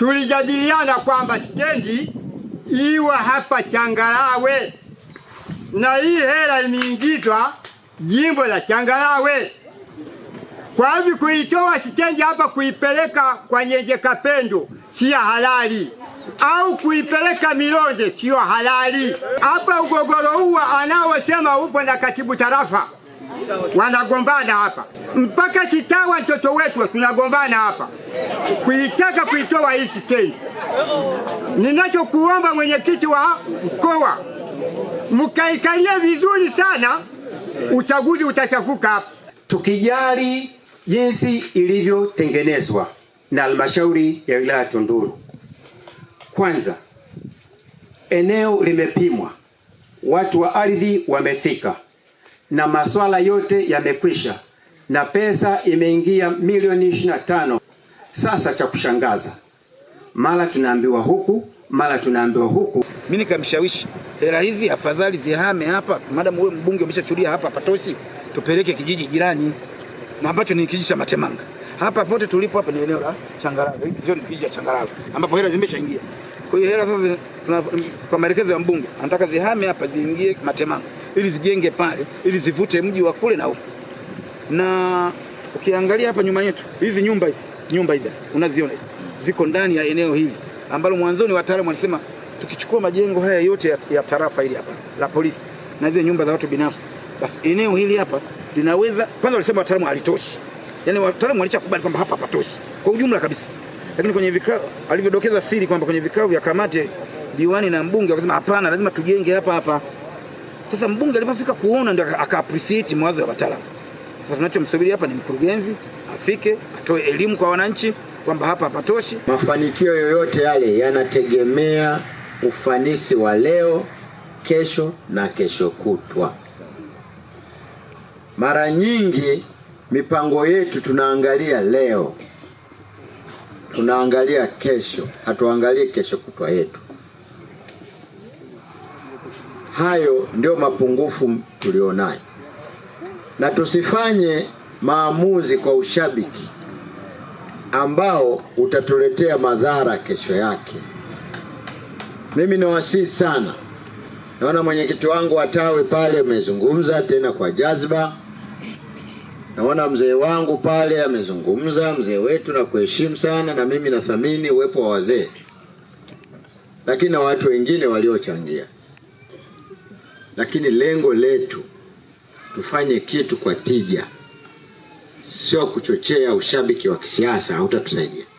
tulijadiliana kwamba stendi iwa hapa Changalawe, na hii hela imeingizwa jimbo la Changalawe. Kwa hivyo kuitoa stendi hapa kuipeleka kwa Kapendo siya halali, au kuipeleka Milonde siyo halali. Hapa ugogoro huwa anaosema upo na katibu tarafa wanagombana hapa mpaka Sitawa, mtoto wetu tunagombana hapa kuitaka kuitoa hisi tena. Ninachokuomba mwenyekiti wa mkoa, mkaikalia vizuri sana, uchaguzi utachafuka hapa. Tukijali jinsi ilivyotengenezwa na halmashauri ya wilaya Tunduru, kwanza eneo limepimwa, watu wa ardhi wamefika na masuala yote yamekwisha na pesa imeingia milioni ishirini na tano. Sasa cha kushangaza, mara tunaambiwa huku, mara tunaambiwa huku. Mi nikamshawishi hela hizi afadhali zihame hapa, madamu wewe mbunge umeshachulia hapa patoshi, tupeleke kijiji jirani na ambacho ni kijiji cha Matemanga. Hapa pote tulipo hapa ni eneo la Changalawe, hiki ni kijiji cha Changarawe ambapo hela zimeshaingia. Kwa hiyo hela sasa, kwa maelekezo ya mbunge anataka zihame hapa ziingie Matemanga ili zijenge pale, ili zivute mji wa kule na huko. Na ukiangalia hapa nyuma yetu, hizi nyumba hizi nyumba hizi unaziona ziko ndani ya eneo hili ambalo mwanzoni wataalamu walisema tukichukua majengo haya yote ya, ya tarafa hili hapa la polisi na zile nyumba za watu binafsi, basi eneo hili hapa linaweza kwanza, walisema wataalamu halitoshi, yani wataalamu walichakubali kwamba hapa hapatoshi kwa ujumla kabisa, lakini kwenye vikao alivyodokeza siri kwamba kwenye vikao vya kamati diwani na mbunge wakasema hapana, lazima tujenge hapa hapa. Sasa mbunge alipofika kuona ndio aka appreciate mawazo ya wataalamu. Sasa tunachomsubiri hapa ni mkurugenzi afike atoe elimu kwa wananchi kwamba hapa hapatoshi. Mafanikio yoyote yale yanategemea ufanisi wa leo, kesho na kesho kutwa. Mara nyingi mipango yetu tunaangalia leo, tunaangalia kesho, hatuangalie kesho kutwa yetu. Hayo ndio mapungufu tulionayo, na tusifanye maamuzi kwa ushabiki ambao utatuletea madhara kesho yake. Mimi nawasihi sana, naona mwenyekiti wangu wa tawi pale amezungumza tena kwa jazba, naona mzee wangu pale amezungumza, mzee wetu, na kuheshimu sana, na mimi nathamini uwepo wa wazee, lakini na watu wengine waliochangia lakini lengo letu tufanye kitu kwa tija, sio kuchochea ushabiki wa kisiasa, hautatusaidia.